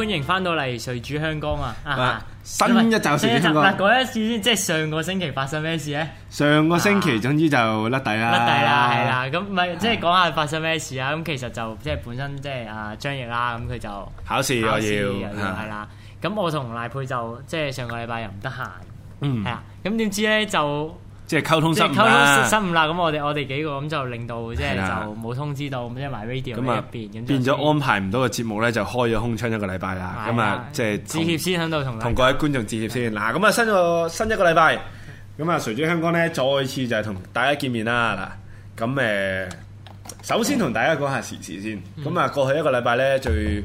歡迎翻到嚟，誰主香江啊！新一集事先講嗰一次先，即係上個星期發生咩事咧？上個星期總之就甩底啦，甩、啊、底啦，係啦、啊。咁唔係即係講下發生咩事啊？咁其實就即係本身即係啊張翼啦，咁佢就考試，考試我要。係啦、啊。咁我同賴佩就即係上個禮拜又唔得閒，嗯，係啊。咁點知咧就？即係溝通失誤啦，咁、啊、我哋我哋幾個咁就令到即係的就冇通知到，即係 MyRadio 入邊，咁變咗安排唔到個節目咧，就開咗空窗一個禮拜啦。咁啊的，即係致歉先響度同同各位觀眾致歉先。嗱的，咁啊新個新一個禮拜，咁啊隨住香港咧再次就係同大家見面啦。嗱，咁誒首先同大家講下時事先。咁啊、嗯、過去一個禮拜咧最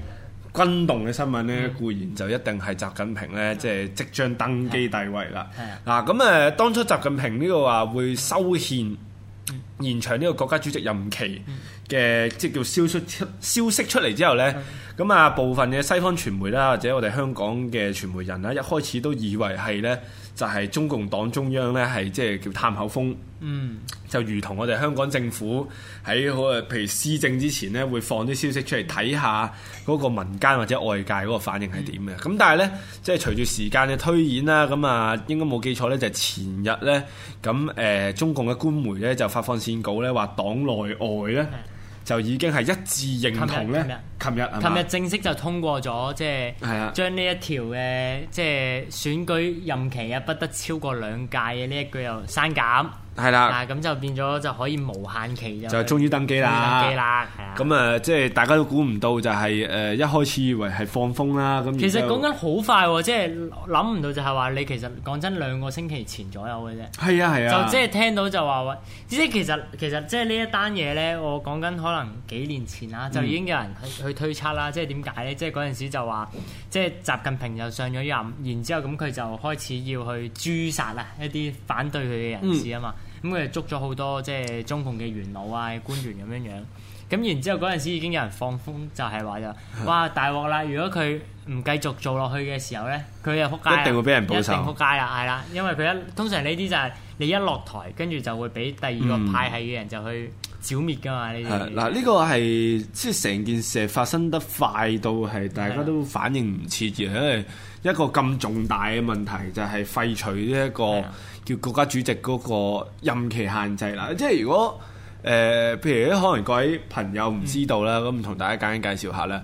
轟動嘅新聞呢，固然就一定係習近平呢，即係即將登基帝位啦。嗱，咁誒、啊，當初習近平呢個話會修憲延長呢個國家主席任期嘅，即叫消息出消息出嚟之後呢，咁啊，部分嘅西方傳媒啦，或者我哋香港嘅傳媒人啦，一開始都以為係呢，就係中共黨中央呢，係即係叫探口風，嗯、就如同我哋香港政府喺好啊，譬如施政之前呢，會放啲消息出嚟睇下嗰個民間或者外界嗰個反應係點嘅。咁、嗯、但係呢，即係隨住時間嘅推演啦，咁啊，應該冇記錯呢，就係前日呢，咁誒、呃、中共嘅官媒呢，就發放線稿呢，話黨內外呢，嗯就已經係一致認同咧。琴日，琴日係咪？琴日正式就通過咗，即、就、係、是、將呢一條嘅是的、嗯、即係選舉任期啊，不得超過兩屆嘅呢一句又刪減。係啦，咁、啊、就變咗就可以無限期就係終於登基啦，登基啦，咁啊，即係、呃就是、大家都估唔到、就是，就係誒一開始以為係放風啦，咁其實講緊好快喎、啊，即係諗唔到就係話你其實講真兩個星期前左右嘅啫，係啊係啊，就即係聽到就話喂，即係其實其實即係呢一單嘢咧，我講緊可能幾年前啦，就已經有人去推測啦、嗯，即係點解咧？即係嗰陣時就話即係習近平又上咗任，然之後咁佢就開始要去誅殺啊一啲反對佢嘅人士啊嘛。嗯。咁佢就捉咗好多即係中共嘅元老啊、官員咁樣樣。咁然之後嗰陣時已經有人放風，就係話就哇大鑊啦！如果佢唔繼續做落去嘅時候咧，佢又撲街啦。一定會俾人報仇。一定撲街啦，係啦，因為佢一通常呢啲就係你一落台，跟住就會俾第二個派系嘅人、嗯、就去剿滅噶嘛。呢啲嗱，呢、呢個係即係成件事係發生得快到係大家都反應唔切嘅。的一個咁重大嘅問題就係、是、廢除呢一個叫國家主席嗰個任期限制啦。即係如果誒、呃，譬如可能各位朋友唔知道啦，咁同、嗯、大家簡單介紹下啦。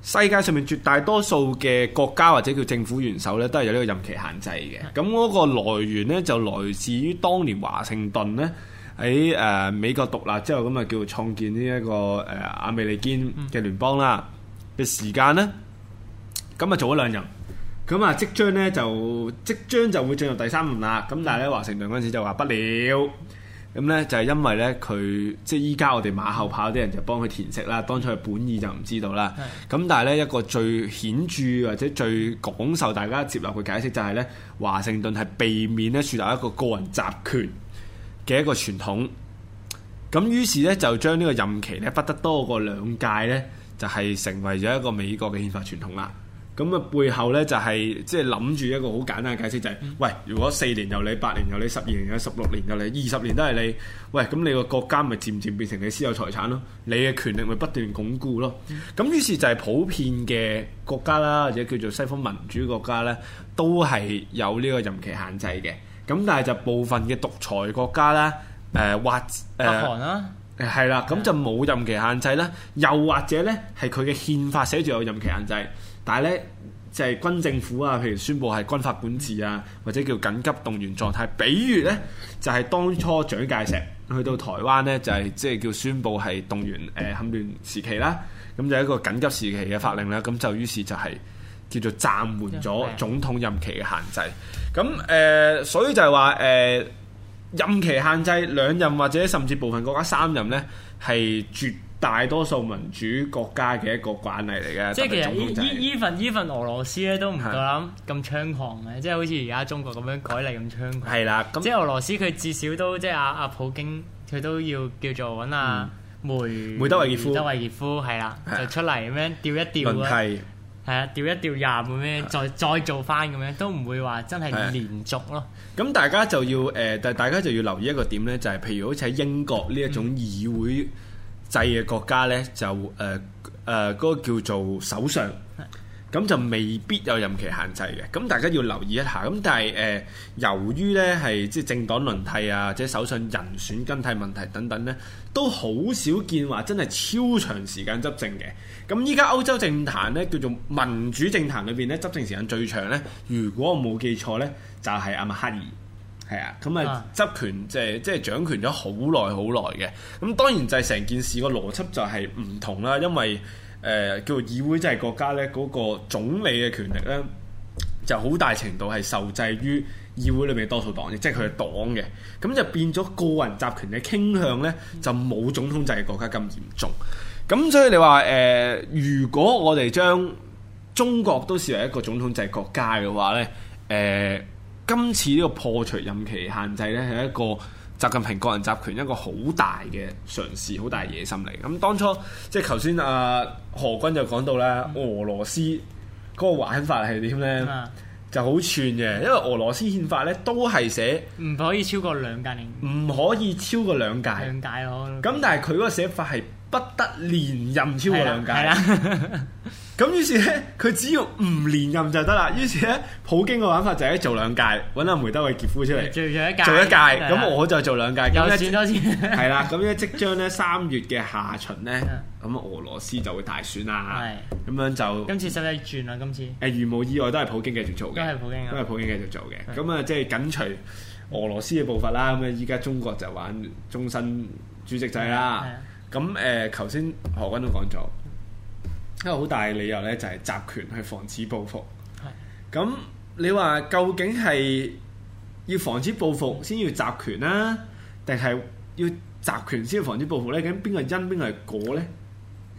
世界上面絕大多數嘅國家或者叫政府元首呢，都係有呢個任期限制嘅。咁嗰、嗯、個來源呢，就來自於當年華盛頓呢，喺誒美國獨立之後咁啊，叫做創建呢、這、一個誒亞、啊、美利堅嘅聯邦啦嘅時間呢，咁啊、嗯、做咗兩任。咁啊，即將咧就即將就會進入第三任啦。咁但係咧，華盛頓嗰陣時就話不了。咁咧就係因為咧佢即係依家我哋馬後炮啲人就幫佢填色啦。當初嘅本意就唔知道啦。咁是的但係咧一個最顯著或者最廣受大家接納嘅解釋就係咧，華盛頓係避免咧樹立一個個人集權嘅一個傳統。咁於是咧就將呢個任期咧不得多過兩屆咧，就係成為咗一個美國嘅憲法傳統啦。咁啊，背後咧就係即係諗住一個好簡單嘅解釋，就係：喂，如果四年由你，八年由你，十二年由你，十六年由你，二十年都係你，喂，咁你個國家咪漸漸變成你私有財產咯？你嘅權力咪不斷鞏固咯？咁於是就係普遍嘅國家啦，或者叫做西方民主國家咧，都係有呢個任期限制嘅。咁但係就部分嘅獨裁國家咧，誒或誒，北韓啦，係啦，咁就冇任期限制啦，又或者咧係佢嘅憲法寫住有任期限制。但係咧，就係、是、軍政府啊，譬如宣布係軍法管治啊，或者叫緊急動員狀態。比如呢，就係、是、當初蔣介石去到台灣呢，就係即係叫宣佈係動員誒戡、呃、亂時期啦、啊，咁就一個緊急時期嘅法令啦，咁就於是就係叫做暫緩咗總統任期嘅限制。咁誒、呃，所以就係話誒任期限制兩任或者甚至部分國家三任呢，係絕。大多數民主國家嘅一個慣例嚟嘅，即係其實呢呢份呢份俄羅斯咧都唔夠膽咁猖狂嘅，即係好似而家中國咁樣改例咁猖狂係啦。即係俄羅斯佢至少都即係阿阿普京佢都要叫做揾阿梅梅德韋傑夫係啦，就出嚟咁樣調一調啦，係係啦，調一調廿咁樣，再再做翻咁樣，都唔會話真係連續咯。咁大家就要誒，但係大家就要留意一個點咧，就係譬如好似喺英國呢一種議會制嘅國家呢，就誒誒嗰個叫做首相，咁就未必有任期限制嘅。咁大家要留意一下。咁但係誒、呃，由於呢係即係政黨輪替啊，或者首相人選更替問題等等呢，都好少見話真係超長時間執政嘅。咁依家歐洲政壇呢，叫做民主政壇裏邊呢，執政時間最長呢，如果我冇記錯呢，就係、是、阿默克爾。係啊，咁啊執權即係即係掌權咗好耐好耐嘅，咁當然就係成件事個邏輯就係唔同啦，因為誒、呃、叫做議會制國家咧嗰、那個總理嘅權力咧就好大程度係受制於議會裏面多數黨，即係佢嘅黨嘅，咁就變咗個人集權嘅傾向咧，就冇總統制嘅國家咁嚴重。咁所以你話誒、呃，如果我哋將中國都視為一個總統制國家嘅話咧，誒、呃？今次呢個破除任期限制呢，係一個習近平個人集權一個好大嘅嘗試，好大野心嚟。咁當初即係頭先阿何君就講到咧，嗯、俄羅斯嗰個玩法係點呢？嗯、就好串嘅，因為俄羅斯憲法呢都係寫唔可以超過兩屆年，唔可以超過兩屆，兩屆咯。咁但係佢嗰個寫法係。不得連任超過兩屆，咁於是咧，佢只要唔連任就得啦。於是咧，普京嘅玩法就係做兩屆，搵阿梅德維傑夫出嚟做一屆，做一屆。咁我再做兩屆，又賺多錢。係啦，咁咧即將咧三月嘅下旬咧，咁俄羅斯就會大選啦。係咁樣就，今次實際轉啦，今次。誒，如無意外都係普京繼續做嘅，都係普京，都係普京繼續做嘅。咁啊，即係緊隨俄羅斯嘅步伐啦。咁啊，依家中國就玩終身主席制啦。咁誒，頭先、呃、何君都講咗，一個好大嘅理由咧，就係、是、集權去防止報復。係、嗯。咁你話究竟係要防止報復先要集權啦、啊，定係要集權先要防止報復咧？咁邊個係因，邊個係果咧？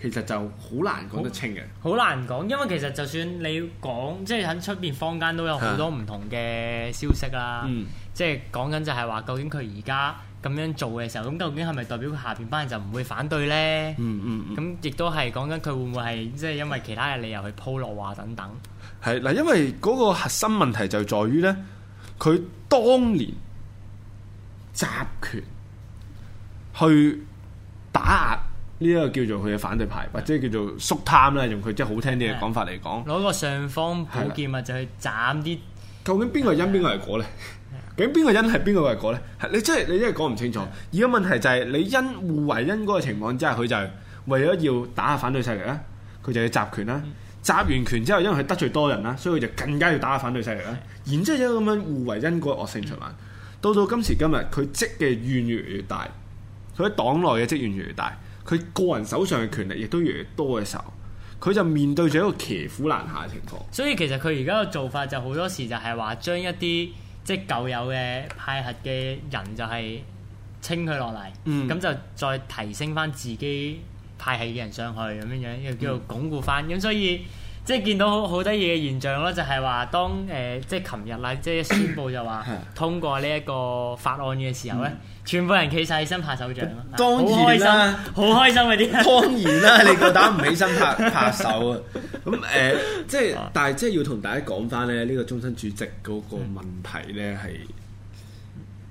其實就好難講得清嘅。好難講，因為其實就算你講，即係喺出邊坊間都有好多唔同嘅消息啦。即係講緊就係話，究竟佢而家。咁樣做嘅時候，咁究竟係咪代表佢下邊班人就唔會反對咧、嗯？嗯嗯嗯，咁亦都係講緊佢會唔會係即係因為其他嘅理由去鋪路啊等等？係嗱，因為嗰個核心問題就在於咧，佢當年集權去打壓呢一個叫做佢嘅反對派，或者叫做縮攤啦，用佢即係好聽啲嘅講法嚟講，攞個尚方寶劍啊，就去斬啲。究竟邊個因呢，邊個係果咧？咁邊個因係邊個為果咧？係你真係你真係講唔清楚。而家問題就係你因互為因果嘅情況之下，佢就係為咗要打下反對勢力啦，佢就要集權啦。集完權之後，因為佢得罪多人啦，所以佢就更加要打下反對勢力啦。然之後就咁樣互為因果，個惡性循環，到到今時今日，佢積嘅怨越嚟越大，佢喺黨內嘅積怨越嚟越大，佢個人手上嘅權力亦都越來越多嘅時候，佢就面對咗一個騎虎難下嘅情況。所以其實佢而家嘅做法就好多時就係話將一啲。即係舊有嘅派核嘅人就係清佢落嚟，咁、嗯、就再提升翻自己派系嘅人上去咁樣樣，又叫做鞏固翻。咁、嗯、所以。即係見到好得意嘅現象咯，就係、是、話當誒即係琴日啦，即係宣布就話 通過呢一個法案嘅時候咧，嗯、全部人企晒起身拍手掌咯。當然啦、啊，好開心嘅啲。當然啦、啊，你個膽唔起身拍 拍手、呃、啊？咁誒，即係但係即係要同大家講翻咧，呢、呢個終身主席嗰個問題咧係。嗯嗯。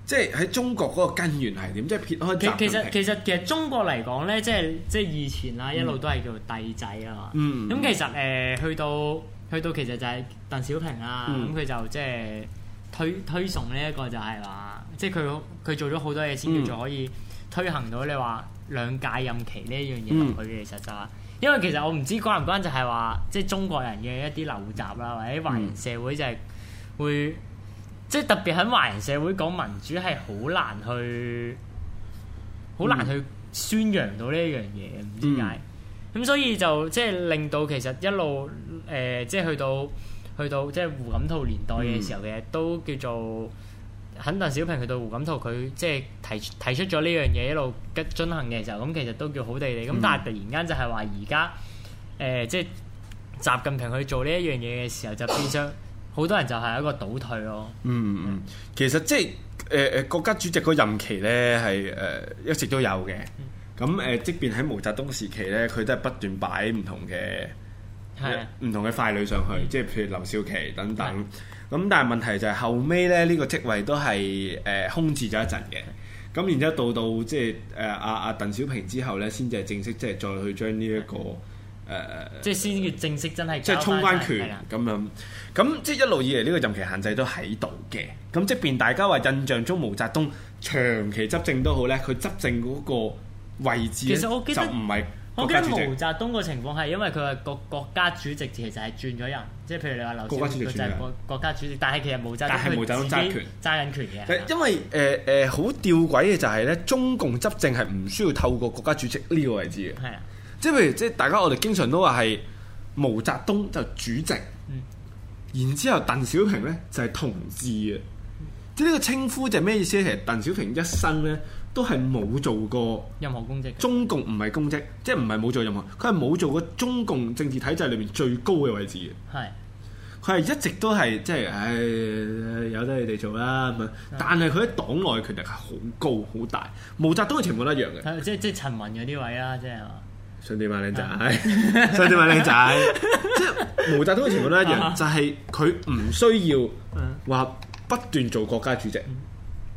即係喺中國嗰個根源係點？即係撇開。其其實其實其實中國嚟講咧，即係即係以前啦，一路都係叫帝制啊嘛。嗯。咁、啊嗯、其實誒去到去到，去到其實就係鄧小平啦、啊，咁佢、嗯、就即係推推崇呢一個就係、是、話，即係佢佢做咗好多嘢先叫做可以推行到你話兩屆任期呢一樣嘢落去嘅。嗯、其實就係、是、因為其實我唔知關唔關就是就是，就係話即係中國人嘅一啲陋習啦，或者華人社會就係會。嗯即係特別喺華人社會講民主係好難去，好、嗯、難去宣揚到呢一樣嘢，唔知解。咁、嗯、所以就即係、就是、令到其實一路誒，即、呃、係、就是、去到去到即係胡錦濤年代嘅時候嘅，嗯、都叫做肯定小平去到胡錦濤，佢即係提提出咗呢樣嘢一路嘅進行嘅時候，咁其實都叫好地地。咁、嗯、但係突然間就係話而家誒，即、呃、係、就是、習近平去做呢一樣嘢嘅時候，就變相、呃。好多人就係一個倒退咯，啊。嗯嗯，嗯，其實即係誒誒國家主席個任期咧係誒一直都有嘅。咁誒、呃，即便喺毛澤東時期咧，佢都係不斷擺唔同嘅，唔的同嘅傀儡上去，即係譬如劉少奇等等。咁的但係問題就係、是、後尾咧呢、這個職位都係誒空置咗一陣嘅。咁然之後到到即係誒阿阿鄧小平之後咧，先至係正式即係再去將呢、這、一個。誒，即係先至正式真，真係即係衝關權咁樣，咁即係一路以嚟呢個任期限制都喺度嘅。咁即便大家話印象中毛澤東長期執政都好咧，佢執政嗰個位置其實我記得就唔係。我記得毛澤東個情況係因為佢係國國家主席，其實係轉咗人，即係譬如你話劉。國家主席轉國家主席，國家主席，但係其實毛澤東係毛澤東揸權揸緊權嘅。因為誒誒好吊詭嘅就係、是、咧，中共執政係唔需要透過國家主席呢個位置嘅。係啊。即係譬如，即係大家我哋經常都話係毛澤東就主席，嗯、然之後鄧小平咧就係同志嘅。即係呢個稱呼就係咩意思咧？其實鄧小平一生咧都係冇做過任何公職，中共唔係公職，即係唔係冇做任何，佢係冇做過中共政治體制裏面最高嘅位置嘅。係是，佢係一直都係即係，唉、就是，由、哎、得你哋做啦咁樣。的但係佢喺黨內嘅權力係好高好大。毛澤東嘅情況都一樣嘅。係即即係陳雲有啲位啦，即係想點啊，靚仔， 想點啊，靚仔，即係毛澤東嘅情況都一樣，uh huh. 就係佢唔需要話不斷做國家主席，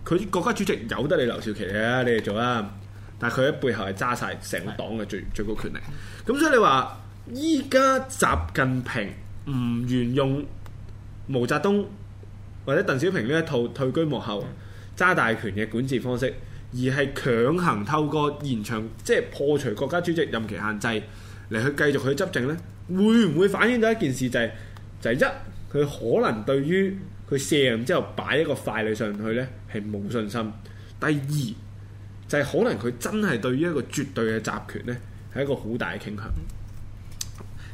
佢、uh huh. 國家主席由得你劉少奇嚟啊，你嚟做啦。但係佢喺背後係揸晒成黨嘅最、uh huh. 最高權力。咁所以你話依家習近平唔沿用毛澤東或者鄧小平呢一套退居幕後揸大權嘅管治方式？而係強行透過延長，即係破除國家主席任期限制嚟去繼續佢執政呢，會唔會反映到一件事就係，就係、一佢可能對於佢卸任之後擺一個傀儡上去呢，係冇信心；第二就係可能佢真係對於一個絕對嘅集權呢，係一個好大嘅傾向。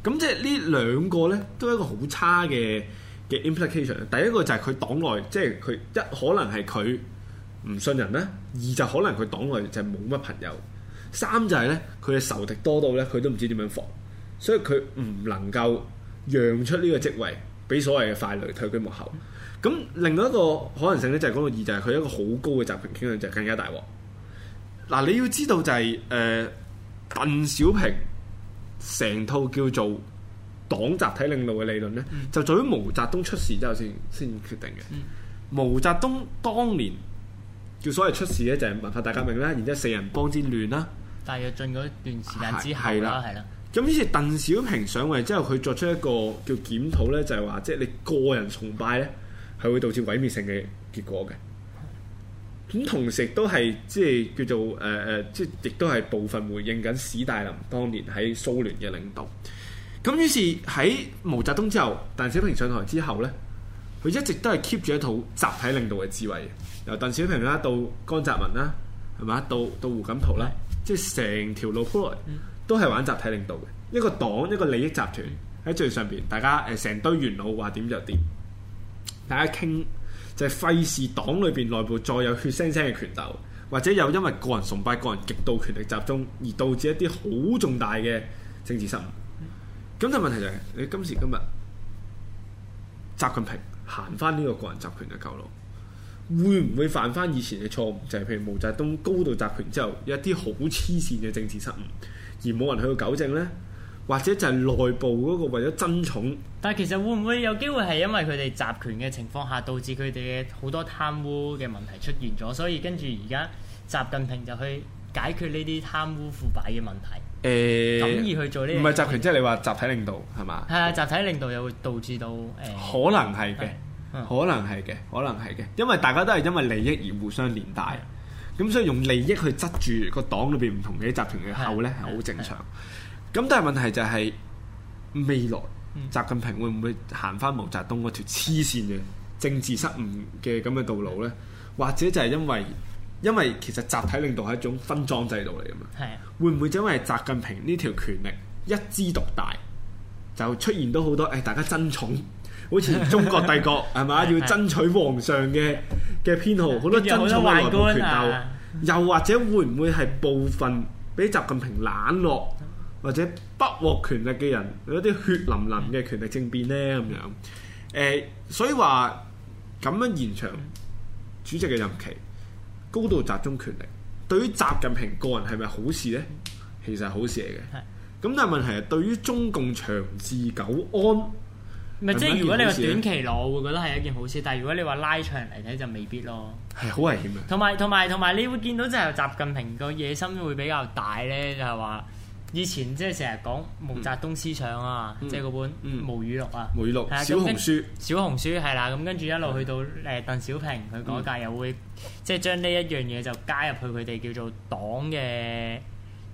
咁即係呢兩個呢，都係一個好差嘅嘅 implication。第一個就係佢黨內，即係佢一可能係佢。唔信人呢？二就可能佢黨內就冇乜朋友，三就係呢，佢嘅仇敵多到呢，佢都唔知點樣防，所以佢唔能夠讓出呢個職位俾所謂嘅傀儡退居幕後。咁、嗯、另外一個可能性呢，就係嗰個，二就係佢一個好高嘅集權傾向就更加大。嗱，你要知道就係誒鄧小平成套叫做黨集體領導嘅理論呢，嗯、就在於毛澤東出事之後先先決定嘅。嗯、毛澤東當年。叫所謂出事咧，就係、是、文化大革命啦，然之後四人幫之亂啦。大約進咗一段時間之後啦，係啦。咁於是鄧小平上位之後，佢作出一個叫檢討咧，就係話即係你個人崇拜咧，係會導致毀滅性嘅結果嘅。咁同時都係即係叫做誒誒、呃，即亦都係部分回應緊史大林當年喺蘇聯嘅領導。咁於是喺毛澤東之後，鄧小平上台之後咧，佢一直都係 keep 住一套集體領導嘅智慧由鄧小平啦，到江澤民啦，係嘛？到到胡錦濤啦，的即係成條路鋪都係玩集體領導嘅一個黨，一個利益集團喺、嗯、最上邊，大家誒成、呃、堆元老話點就點，大家傾就費、是、事黨裏邊內部再有血腥腥嘅權鬥，或者又因為個人崇拜、個人極度權力集中，而導致一啲好重大嘅政治失誤。咁的但問題就係、是、你今時今日習近平行返呢個個人集權嘅舊路。會唔會犯翻以前嘅錯誤？就係譬如毛澤東高度集權之後，有一啲好黐線嘅政治失誤，而冇人去到糾正呢？或者就係內部嗰個為咗爭寵。但係其實會唔會有機會係因為佢哋集權嘅情況下，導致佢哋嘅好多貪污嘅問題出現咗，所以跟住而家習近平就去解決呢啲貪污腐敗嘅問題。誒，咁而去做呢？唔係集權，即係你話集體領導係嘛？係啊，集體領導又會導致到，欸，可能係嘅。可能係嘅，可能係嘅，因為大家都係因為利益而互相連帶，咁的所以用利益去執住個黨裏邊唔同嘅集團嘅口呢，係好正常。咁但係問題就係、是、未來，習近平會唔會行翻毛澤東嗰條黐線嘅政治失誤嘅咁嘅道路呢？的或者就係因為因為其實集體領導係一種分贓制度嚟㗎嘛，係的會唔會因為習近平呢條權力一枝獨大，就出現到好多誒、哎、大家爭寵？好似 中國帝國係咪？ 要爭取皇上嘅嘅編號，好多爭取嘅內部權鬥，又或者會唔會係部分俾習近平冷落或者不獲權力嘅人，有一啲血淋淋嘅權力政變呢？咁樣、呃？所以話咁樣延長主席嘅任期，高度集中權力，對於習近平個人係咪好事呢？其實係好事嚟嘅。係咁的，但係問題係對於中共長治久安。唔係即係是如果你話短期攞，我會覺得係一件好事；但係如果你話拉長嚟睇，就未必咯。係好危險啊！同埋同埋同埋，你會見到即係習近平個野心會比較大咧，就係、是、話以前即係成日講毛澤東思想啊，即係嗰本《毛、嗯、語錄》無語錄啊，《毛語錄》小紅書小紅書係啦，咁、啊、跟住一路去到誒鄧小平佢嗰屆，嗯、又會即係、就是、將呢一樣嘢就加入去佢哋叫做黨嘅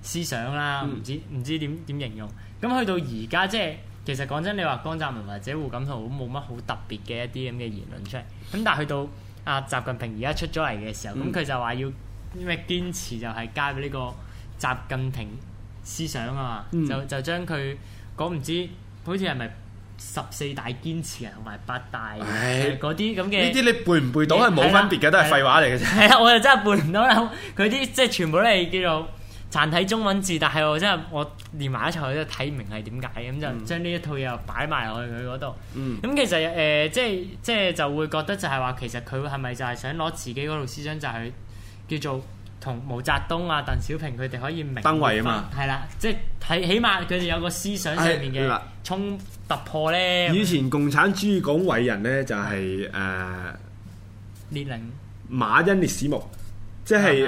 思想啦、啊，唔、嗯、知唔知點點形容。咁去到而家即係。就是其實講真，你話江澤民或者胡錦濤冇乜好特別嘅一啲咁嘅言論出嚟。咁但係去到阿習近平而家出咗嚟嘅時候，咁佢就話要咩堅持，就係加入呢個習近平思想啊嘛、嗯。就就將佢講唔知好似係咪十四大堅持啊，同埋八大嗰啲咁嘅。呢啲喂、呃、你背唔背到係冇分別嘅，欸、都係廢話嚟嘅啫。係啊，我又真係背唔到啦。佢啲即係全部都係叫做。殘體中文字，但係我真係我連埋一齊我都睇唔明係點解嘅，咁、嗯、就將呢一套嘢又擺埋落去佢嗰度。咁、嗯、其實誒，即係即係就會覺得就係話，其實佢係咪就係想攞自己嗰套思想就係叫做同毛澤東啊、鄧小平佢哋可以明分。分位啊嘛。係啦，即係睇起碼佢哋有個思想上面嘅衝突破咧。以前共產主義講偉人咧、就是，就係誒列寧、馬恩、列史目。即係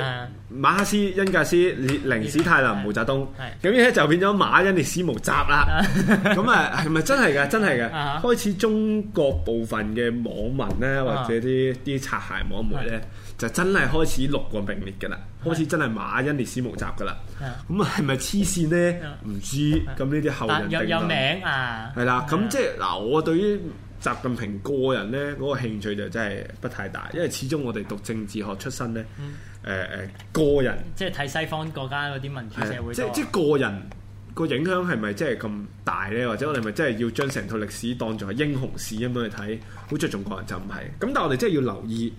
馬克思、恩格斯、列寧、史泰林、毛澤東，咁樣咧就變咗馬恩列斯毛集啦。咁啊，係咪真係㗎？真係㗎？開始中國部分嘅網民咧，或者啲啲擦鞋網媒咧，就真係開始六國並列㗎啦。開始真係馬恩列斯毛集㗎啦。咁啊，係咪黐線咧？唔知。咁呢啲後人定啦。有名啊。係啦，咁即係嗱，我對於。習近平個人呢嗰、那個興趣就真係不太大，因為始終我哋讀政治學出身呢，誒誒、嗯呃、個人，即係睇西方國家嗰啲民主社會，即即個人個影響係咪真係咁大呢？或者我哋咪真係要將成套歷史當做係英雄史咁樣去睇？好在中人就唔係。咁但係我哋真係要留意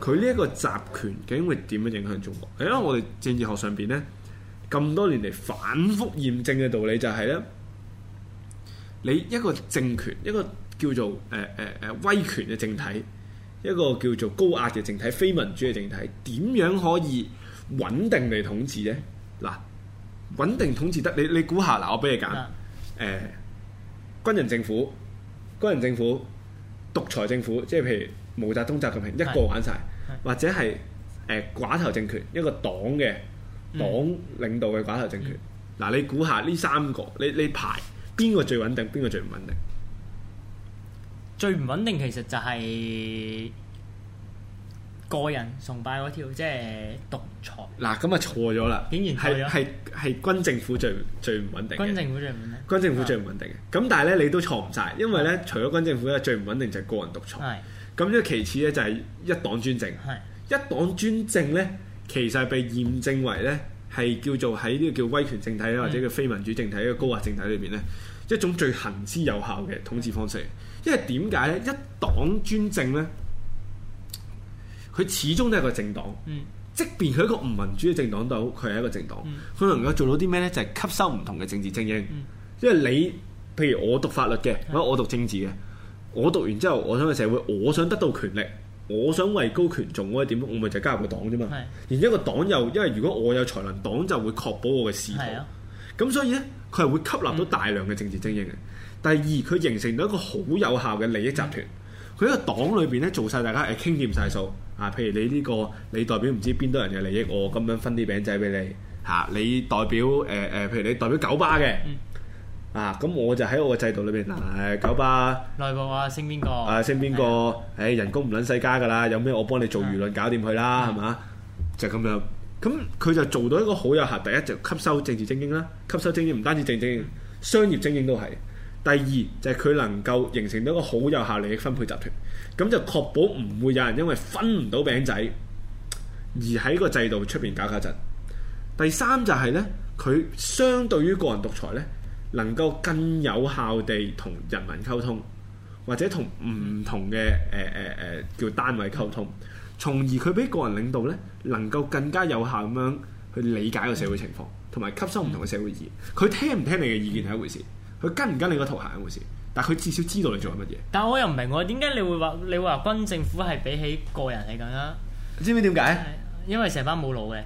佢呢一個集權究竟會點樣影響中國？因為我哋政治學上邊呢，咁多年嚟反覆驗證嘅道理就係、是、呢：你一個政權一個。叫做誒誒誒威權嘅政體，一個叫做高壓嘅政體，非民主嘅政體，點樣可以穩定地統治呢？嗱，穩定統治得你你估下嗱，我俾你揀誒、嗯呃，軍人政府、軍人政府、獨裁政府，即係譬如毛澤東、習近平、嗯、一個玩晒，嗯、或者係誒、呃、寡頭政權，一個黨嘅黨領導嘅寡頭政權。嗱、嗯，你估下呢三個，你你、你排邊個最穩定，邊個最唔穩定？最唔穩定其實就係個人崇拜嗰條，即係獨裁。嗱，咁啊錯咗啦！竟然錯咗，係係軍政府最最唔穩定。軍政府最唔穩定。軍政府最唔穩定嘅。咁是但係咧，你都錯唔晒，因為咧，除咗軍政府咧，最唔穩定就係個人獨裁。係是。咁，咧，其次咧就係一黨專政。是一黨專政咧，其實被驗證為咧係叫做喺呢個叫威權政體或者叫非民主政體、一個高壓政體裏邊咧，嗯、一種最行之有效嘅統治方式。因為點解咧？一黨專政咧，佢始終都係個政黨，即便佢一個唔民主嘅政黨都好，佢係一個政黨，佢能夠做到啲咩咧？就係吸收唔同嘅政治精英。因為你譬如我讀法律嘅，或者我讀政治嘅，我讀完之後，我想去社會，我想得到權力，我想位高權重，或者點，我咪就加入個黨啫嘛。然之後個黨又因為如果我有才能，黨就會確保我嘅仕途。咁所以咧，佢係會吸納到大量嘅政治精英嘅。第二，佢形成咗一個好有效嘅利益集團。佢喺、嗯、個黨裏邊咧，做晒大家誒傾掂晒數啊！譬如你呢、這個，你代表唔知邊多人嘅利益，我咁樣分啲餅仔俾你嚇、啊。你代表誒誒、呃，譬如你代表九巴嘅、嗯、啊，咁我就喺我嘅制度裏邊誒九巴內部話、啊、升邊個？誒升邊個？誒、啊、人工唔撚細加㗎啦，有咩我幫你做輿論搞掂佢啦，係嘛、啊？就咁、是、樣咁，佢就做到一個好有效。第一就吸收政治精英啦，吸收精英唔單止政治精、嗯、精英，商業精英都係。第二就係佢能夠形成到一個好有效力嘅分配集團，咁就確保唔會有人因為分唔到餅仔而喺個制度出邊搞搞震。第三就係呢，佢相對於個人獨裁呢，能夠更有效地同人民溝通，或者同唔同嘅誒誒叫單位溝通，從而佢俾個人領導呢，能夠更加有效咁樣去理解個社會情況，同埋吸收唔同嘅社會意義。佢聽唔聽你嘅意見係一回事。佢跟唔跟你個頭行嗰回事，但係佢至少知道你做緊乜嘢。但係我又唔明喎、啊，點解你會話你話軍政府係比起個人嚟緊啊？知唔知點解？因為成班冇腦嘅。誒、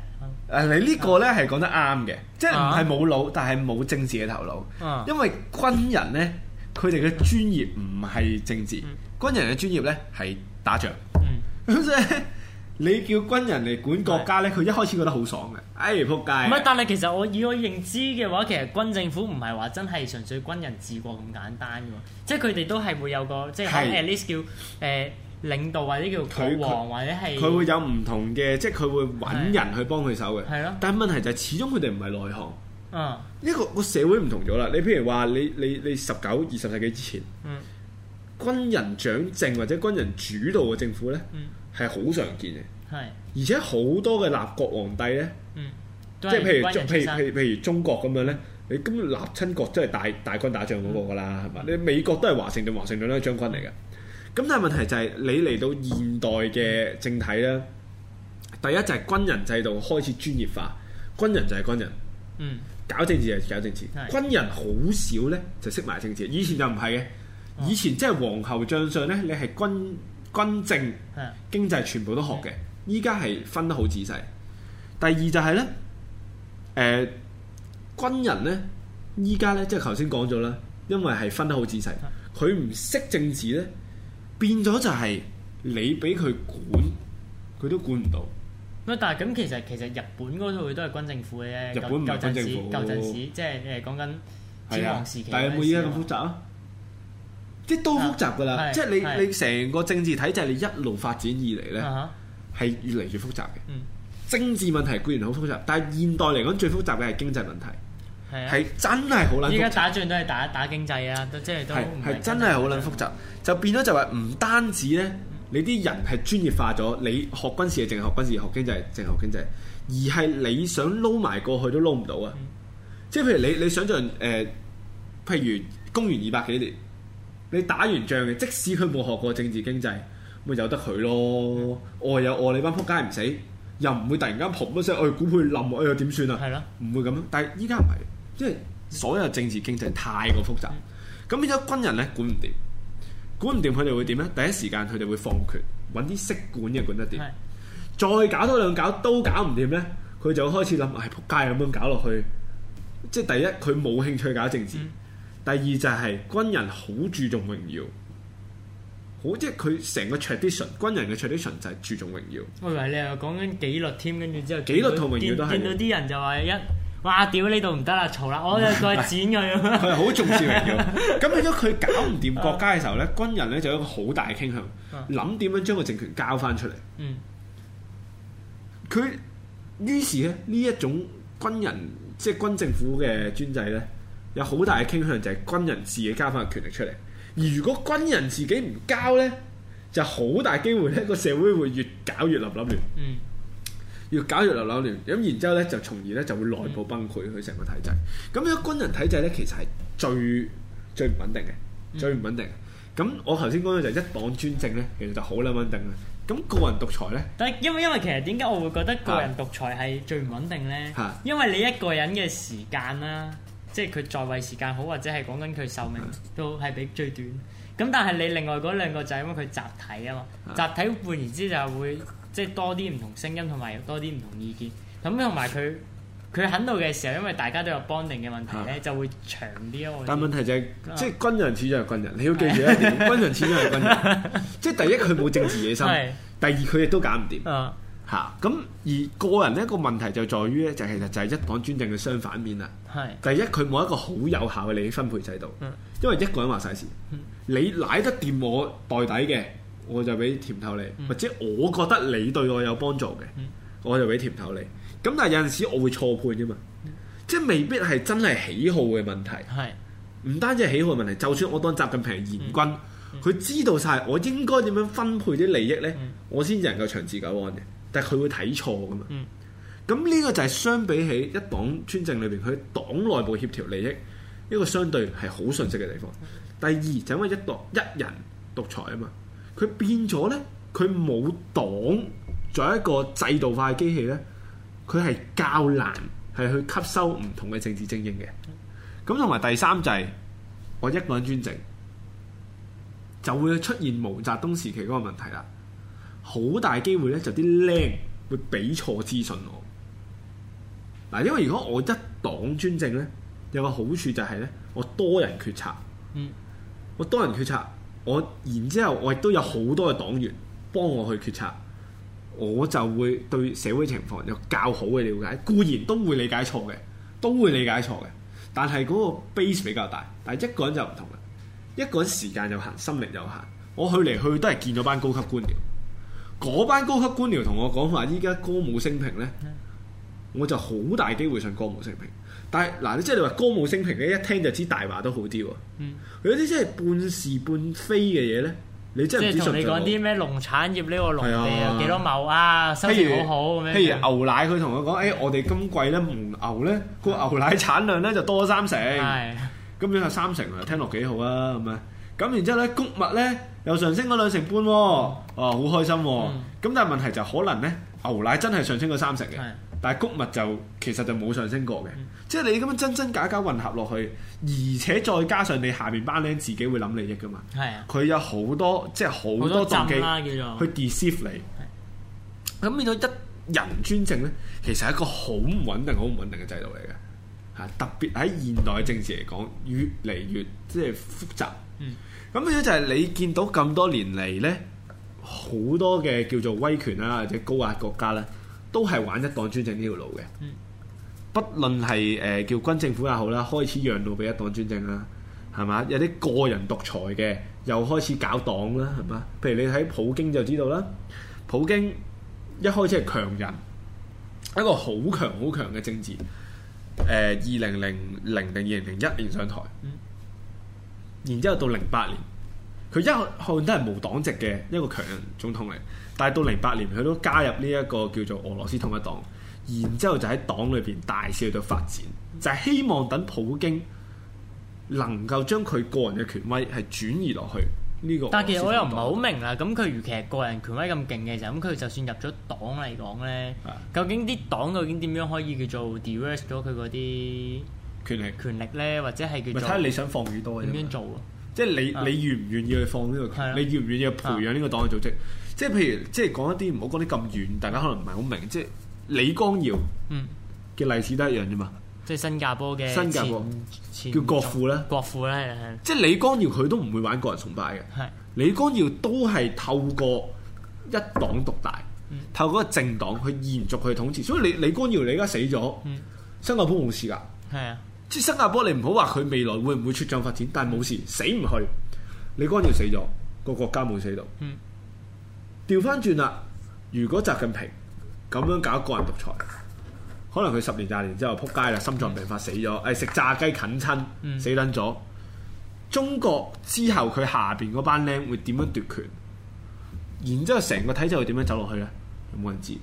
啊，你呢個咧係講得啱嘅，即係唔係冇腦，但係冇政治嘅頭腦。啊、因為軍人咧，佢哋嘅專業唔係政治，嗯、軍人嘅專業咧係打仗。嗯 你叫軍人嚟管國家咧，佢是的 一開始覺得好爽嘅。哎，撲街！唔係，但係其實我以我認知嘅話，其實軍政府唔係話真係純粹軍人治國咁簡單嘅喎，即係佢哋都係會有個是的 即係 at least 叫誒、呃、領導或者叫國王或者係佢會有唔同嘅，即係佢會揾人去幫佢手嘅。係咯。但係問題就係始終佢哋唔係內行。嗯、呢個。一、呢個個社會唔同咗啦。你譬如話你你你，你，你十九二十世紀之前，嗯、軍人掌政或者軍人主導嘅政府咧。嗯。係好常見嘅，係而且好多嘅立國皇帝呢，即係、嗯、譬如，中國咁樣呢，你咁立親國都係大大軍打仗嗰個噶啦，係嘛、嗯。你美國都係華盛頓、華盛頓都係將軍嚟嘅。咁但係問題就係、是、你嚟到現代嘅政體呢，第一就係軍人制度開始專業化，軍人就係軍人，嗯，搞政治就係搞政治，嗯嗯、軍人好少呢就識埋政治，以前就唔係嘅，以前即係皇后、將相呢，你係軍。軍政、經濟全部都學嘅，依家係分得好仔細。第二就係、是、咧，誒、呃、軍人咧，依家咧，即係頭先講咗啦，因為係分得好仔細，佢唔識政治咧，變咗就係你俾佢管，佢都管唔到。唔係，但係咁其實其實日本嗰套都係軍政府嘅，日本唔係，軍政府，舊陣時即係誒講緊戰爭時期、啊。但係有冇依家咁複雜咯。即都複雜噶啦，啊、即係你是你成個政治體制，你一路發展以嚟呢，係、啊、哈越嚟越複雜嘅。嗯、政治問題固然好複雜，但係現代嚟講最複雜嘅係經濟問題，係、啊、真係好撚。而家打仗都係打打經濟啊，即都即係都係真係好撚複雜。複雜嗯、就變咗就話唔單止呢，你啲人係專業化咗，你學軍事係淨係學軍事，學經濟淨係學經濟，而係你想撈埋過去都撈唔到啊！嗯嗯、即係譬如你你想像誒、呃，譬如公元二百幾年。你打完仗嘅，即使佢冇學過政治經濟，咪由得佢咯。外、嗯呃、有外、呃，你班仆街唔死，又唔會突然間噗一聲，哎，估佢冧，哎，點算啊？係啦，唔會咁樣。但係依家唔係，即係所有政治經濟太過複雜，咁變咗軍人咧管唔掂，管唔掂佢哋會點咧？第一時間佢哋會放權，揾啲識管嘅管得掂。是的 再搞多兩搞都搞唔掂咧，佢就開始諗，哎，仆街咁樣搞落去，即係第一佢冇興趣搞政治。嗯第二就係軍人好注重榮耀，好即係佢成個 tradition，軍人嘅 tradition 就係注重榮耀。喂我以為你又講緊紀律添，跟住之後紀律同榮耀都係。見到啲人就話一，哇！屌呢度唔得啦，嘈啦，我就再剪佢。佢係好重視榮耀。咁變咗佢搞唔掂國家嘅時候咧， 軍人咧就有一個好大嘅傾向，諗點樣將個政權交翻出嚟。嗯。佢於是咧呢一種軍人即係軍政府嘅專制咧。有好大嘅傾向就係、是、軍人自己交翻個權力出嚟，而如果軍人自己唔交呢，就好大機會呢個社會會越搞越立立亂，嗯，越搞越立立亂，咁然之後呢，就從而呢就會內部崩潰佢成個體制。咁樣、嗯、軍人體制呢，其實係最最唔穩定嘅，最唔穩定。咁、嗯、我頭先講嘅就一黨專政呢，其實就好撚穩定啦。咁、那個人獨裁呢？但係因為因為其實點解我會覺得個人獨裁係最唔穩定呢？的因為你一個人嘅時間啦。即係佢在位時間好，或者係講緊佢壽命都係比最短。咁但係你另外嗰兩個就係因為佢集體啊嘛， 集體換言之就係會即係、就是、多啲唔同聲音同埋多啲唔同意見。咁同埋佢佢喺度嘅時候，因為大家都有 bonding 嘅問題咧， 就會長啲啊，但問題就係、是啊、即係軍人始終係軍人， 你要記住一點，軍人始終係軍人。 即係第一佢冇政治野心， 第二佢亦都搞唔掂。 嚇咁而個人呢個問題就在於呢就其實就係一黨專政嘅相反面啦。係第一，佢冇一個好有效嘅利益分配制度。因為一個人話晒事，你賴得掂我袋底嘅，我就俾甜頭你；或者、嗯、我覺得你對我有幫助嘅，我就俾甜頭你。咁但係有陣時我會錯判啫嘛，即係未必係真係喜好嘅問題。係唔單止係喜好嘅問題，就算我當習近平係嚴君，佢、嗯嗯、知道晒我應該點樣分配啲利益呢，我先至能夠長治久安嘅。但佢會睇錯噶嘛？咁呢、嗯、個就係相比起一黨專政裏邊，佢黨內部協調利益一個相對係好順息嘅地方。嗯、第二就係、因為一黨一人獨裁啊嘛，佢變咗呢，佢冇黨作為一個制度化嘅機器呢，佢係較難係去吸收唔同嘅政治精英嘅。咁同埋第三就係、係、我一個人專政，就會出現毛澤東時期嗰個問題啦。好大機會咧，就啲靚會俾錯資訊我。嗱，因為如果我一黨專政呢，有個好處就係呢：我多人決策，我多人決策，我然之後我亦都有好多嘅黨員幫我去決策，我就會對社會情況有較好嘅了解。固然都會理解錯嘅，都會理解錯嘅，但係嗰個 base 比較大。但係一個人就唔同啦，一個人時間有限，心力有限，我去嚟去都係見咗班高級官僚。嗰班高級官僚同我講話，依家歌舞升平咧，我就好大機會上歌舞升平。但係嗱，你即係你話歌舞升平你一聽就知大話都好啲喎。佢有啲即係半是半非嘅嘢咧，你真係唔知，即係你講啲咩農產業呢個農地啊，幾多畝啊，收益好好咁樣。譬如后牛奶，佢同、哎哎、我講，誒，我哋今季咧，牛咧個牛奶產量咧就多咗三成。咁樣就三成啊，聽落幾好啊，咁樣。咁然之後咧，谷物咧又上升咗兩成半喎、哦，嗯、哦好開心、哦。咁、嗯、但係問題就係、可能咧，牛奶真係上升咗三成嘅，是的 但係谷物就其實就冇上升過嘅，是的 即係你咁樣真真假假，假混合落去，而且再加上你下面班僆自己會諗利益噶嘛，係啊，佢有好多即係好多動機去 deceive 你。咁變到一人專政咧，其實係一個好唔穩定、好唔穩定嘅制度嚟嘅嚇。特別喺現代政治嚟講，越嚟越即係複雜。嗯，咁樣就係你見到咁多年嚟呢，好多嘅叫做威權啦、啊，或者高壓國家呢、啊，都係玩一黨專政呢條路嘅。嗯、不論係誒、呃、叫軍政府也好啦、啊，開始讓路俾一黨專政啦、啊，係嘛？有啲個人獨裁嘅又開始搞黨啦、啊，係嘛？譬如你喺普京就知道啦，普京一開始係強人，一個好強好強嘅政治。誒，二零零零定二零零一年上台。嗯然之後到零八年，佢一向都係無黨籍嘅一個強人總統嚟。但係到零八年，佢都加入呢一個叫做俄羅斯統一黨，然之後就喺黨裏邊大肆喺度發展，就係、是、希望等普京能夠將佢個人嘅權威係轉移落去呢個。但其實我又唔係好明啊。咁佢如其實個人權威咁勁嘅時候，咁佢就算入咗黨嚟講呢，是的 究竟啲黨究竟點樣可以叫做 diverse 咗佢嗰啲？權力權力咧，或者係叫睇下你想放幾多嘅點樣做咯？即係你你願唔願意去放呢個權力？你願唔願意去培養呢個黨嘅組織？即係譬如即係講一啲唔好講啲咁遠，大家可能唔係好明。即係李光耀嘅例子都一樣啫嘛。即係新加坡嘅新加坡，叫國父咧。國父咧，即係李光耀佢都唔會玩個人崇拜嘅。李光耀都係透過一黨獨大，透過一個政黨去延續佢統治。所以李李光耀你而家死咗，新加坡冇事噶。係啊。即係新加坡，你唔好話佢未來會唔會出賬發展，但係冇事，死唔去。李光耀死咗，個國家冇死到。調翻轉啦，如果習近平咁樣搞個人獨裁，可能佢十年廿年之後扑街啦，心臟病發死咗，誒、哎、食炸雞近親死撚咗。嗯、中國之後佢下邊嗰班僆會點樣奪權？然之後成個體制會點樣走落去呢？冇人知。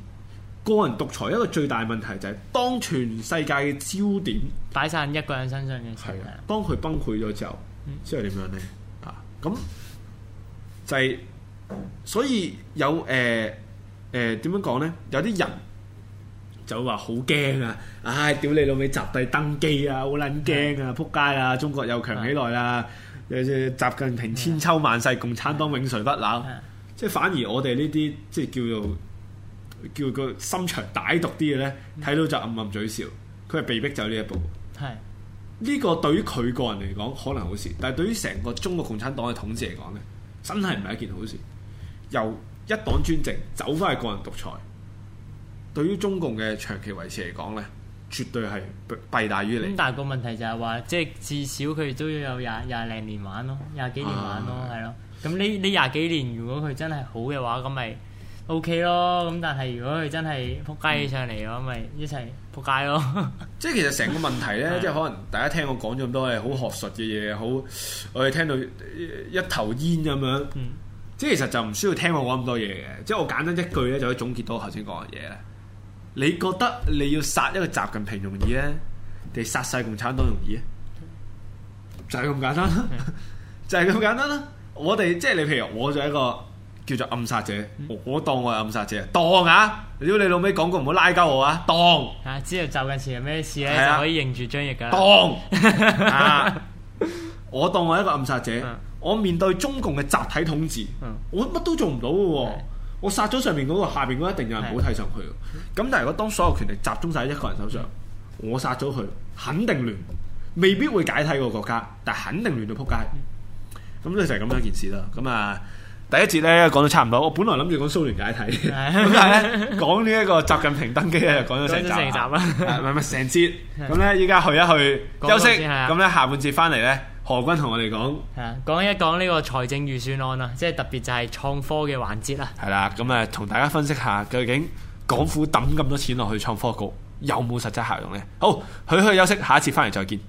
個人獨裁一個最大問題就係、是、當全世界嘅焦點擺晒一個人身上嘅時候，當佢崩潰咗之後，即係點樣呢？啊，咁就係、是、所以有誒誒點樣講呢？有啲人就話好驚啊！唉，屌你老味，習帝登基啊，好撚驚啊，撲街啦！中國又強起來啦！誒的習近平千秋萬世，共產黨永垂不朽。的的即係反而我哋呢啲即係叫做。叫個心腸歹毒啲嘅呢，睇到就暗暗嘴笑。佢係被逼走呢一步。係呢是個對於佢個人嚟講，可能好事，但係對於成個中國共產黨嘅統治嚟講呢，真係唔係一件好事。由一黨專政走翻去個人獨裁，對於中共嘅長期維持嚟講呢，絕對係弊大於利。咁但係個問題就係話，即係至少佢都要有廿廿零年玩咯，廿幾年玩咯，係咯、啊。咁呢呢廿幾年如果佢真係好嘅話，咁咪？O、okay、K 咯，咁但係如果佢真係扑街起上嚟嘅話，咪一齊扑街咯。 即係其實成個問題呢， 即係可能大家聽我講咗咁多嘅好學術嘅嘢，好我哋聽到一頭煙咁樣。嗯、即係其實就唔需要聽我講咁多嘢嘅，即係我簡單一句呢，就可以總結到頭先講嘅嘢，你覺得你要殺一個習近平容易呢？定殺晒共產黨容易咧？就係、是、咁簡單啦，嗯、 就係咁簡單啦。我哋即係你，譬如我做一個。叫做暗殺者，我當我係暗殺者，當啊！如果你老味，講過唔好拉鈎我啊，當啊！知道就近前係咩事咧，就可以認住張翼噶。當我當我係一個暗殺者，我面對中共嘅集體統治，我乜都做唔到嘅。我殺咗上面嗰個，下邊嗰一定有人補替上去。咁但係如果當所有權力集中晒喺一個人手上，我殺咗佢，肯定亂，未必會解體個國家，但係肯定亂到扑街。咁呢就係咁樣一件事啦。咁啊。第一節咧，講到差唔多。我本來諗住講蘇聯解體，咁是的 但係咧 講呢一個習近平登基咧，又的講咗成集啦。唔係唔係成節。咁咧依家去一去休息，咁咧下半節翻嚟咧，何君同我哋講，講一講呢個財政預算案啊，即係特別就係創科嘅環節啦、啊。係啦，咁啊同大家分析下究竟港府抌咁多錢落去創科局有冇實際效用咧？好，許去，去休息，下一次翻嚟再見。